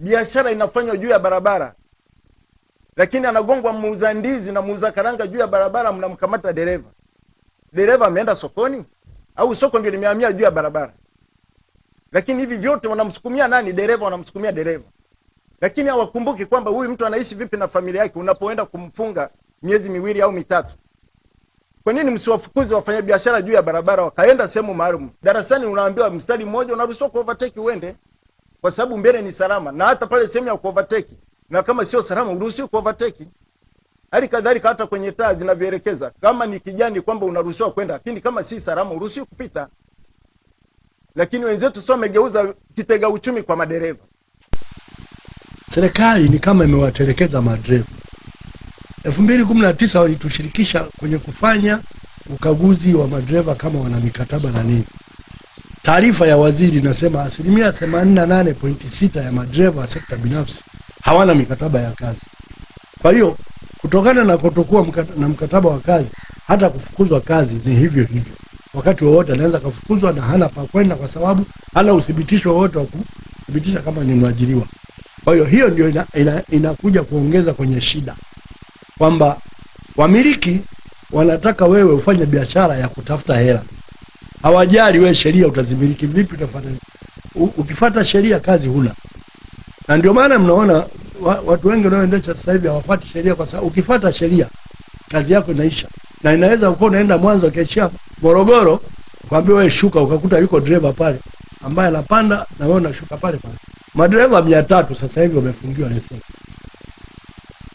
biashara inafanywa juu ya barabara, lakini anagongwa muuza ndizi na muuza karanga juu ya barabara, mnamkamata dereva. Dereva ameenda sokoni au soko ndio limehamia juu ya barabara? Lakini hivi vyote wanamsukumia nani? Dereva, wanamsukumia dereva, lakini hawakumbuki kwamba huyu mtu anaishi vipi na familia yake. Unapoenda kumfunga miezi miwili au mitatu, kwa nini msiwafukuzi wafanya biashara juu ya barabara wakaenda sehemu maalum? Darasani unaambiwa mstari mmoja, unaruhusiwa kuovateki uende kwa sababu mbele ni salama, na hata pale sehemu ya kuovateki, na kama sio salama uruhusiwi kuovateki. Hali kadhalika hata kwenye taa zinavyoelekeza, kama ni kijani kwamba unaruhusiwa kwenda, lakini kama si salama uruhusiwi kupita. Lakini wenzetu sio wamegeuza kitega uchumi kwa madereva. Serikali ni kama imewatelekeza madereva. elfu mbili kumi na tisa walitushirikisha kwenye kufanya ukaguzi wa madereva kama wana mikataba na nini Taarifa ya waziri inasema asilimia 88.6 ya madereva wa sekta binafsi hawana mikataba ya kazi. Kwa hiyo kutokana na kutokuwa na mkataba wa kazi, hata kufukuzwa kazi ni hivyo hivyo. Wakati wowote anaweza kafukuzwa na hana pa kwenda, kwa sababu hana uthibitisho wowote wa kuthibitisha kama ni mwajiriwa. Kwa hiyo hiyo ndio ina, ina, inakuja kuongeza kwenye shida kwamba wamiliki wanataka wewe ufanye biashara ya kutafuta hela hawajali wewe sheria utazimiliki vipi, utafanya ukifuata sheria kazi hula. Na ndio maana mnaona wa, watu wengi wanaoendesha sasa hivi hawafuati sheria, kwa sababu ukifuata sheria kazi yako inaisha, na inaweza uko unaenda Mwanza ukiachia Morogoro, kwambia wewe shuka, ukakuta yuko dereva pale ambaye anapanda na wewe unashuka pale pale. Madereva mia tatu sasa hivi wamefungiwa leseni,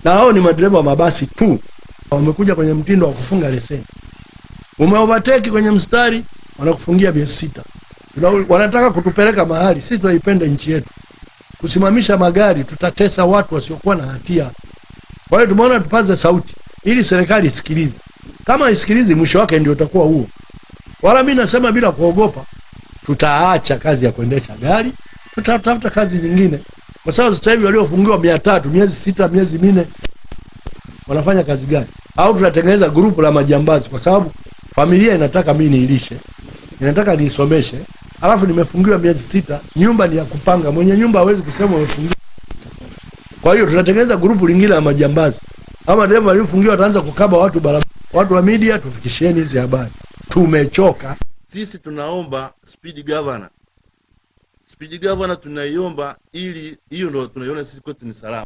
na hao ni madereva wa mabasi tu, wamekuja kwenye mtindo wa kufunga leseni. Umeovateki kwenye mstari wanakufungia miezi sita. Wanataka kutupeleka mahali sisi tunaipenda nchi yetu, kusimamisha magari, tutatesa watu wasiokuwa na hatia. Kwa hiyo tumeona tupaze sauti ili serikali isikilize. Kama isikilizi, mwisho wake ndio utakuwa huo. Wala mi nasema bila kuogopa, tutaacha kazi ya kuendesha gari, tutatafuta kazi nyingine, kwa sababu sasa hivi waliofungiwa mia tatu miezi sita miezi minne wanafanya kazi gani? Au tutatengeneza grupu la majambazi, kwa sababu familia inataka mi niilishe ninataka niisomeshe, alafu nimefungiwa miezi sita. Nyumba ni ya kupanga, mwenye nyumba hawezi kusema umefungiwa. Kwa hiyo tutatengeneza grupu lingine la majambazi, ama madereva waliofungiwa wataanza kukaba watu barabara. Watu wa media, tufikishieni hizi habari, tumechoka sisi. Tunaomba speed governor, speed governor tunaiomba, ili hiyo ndo tunaiona sisi kwetu ni salama.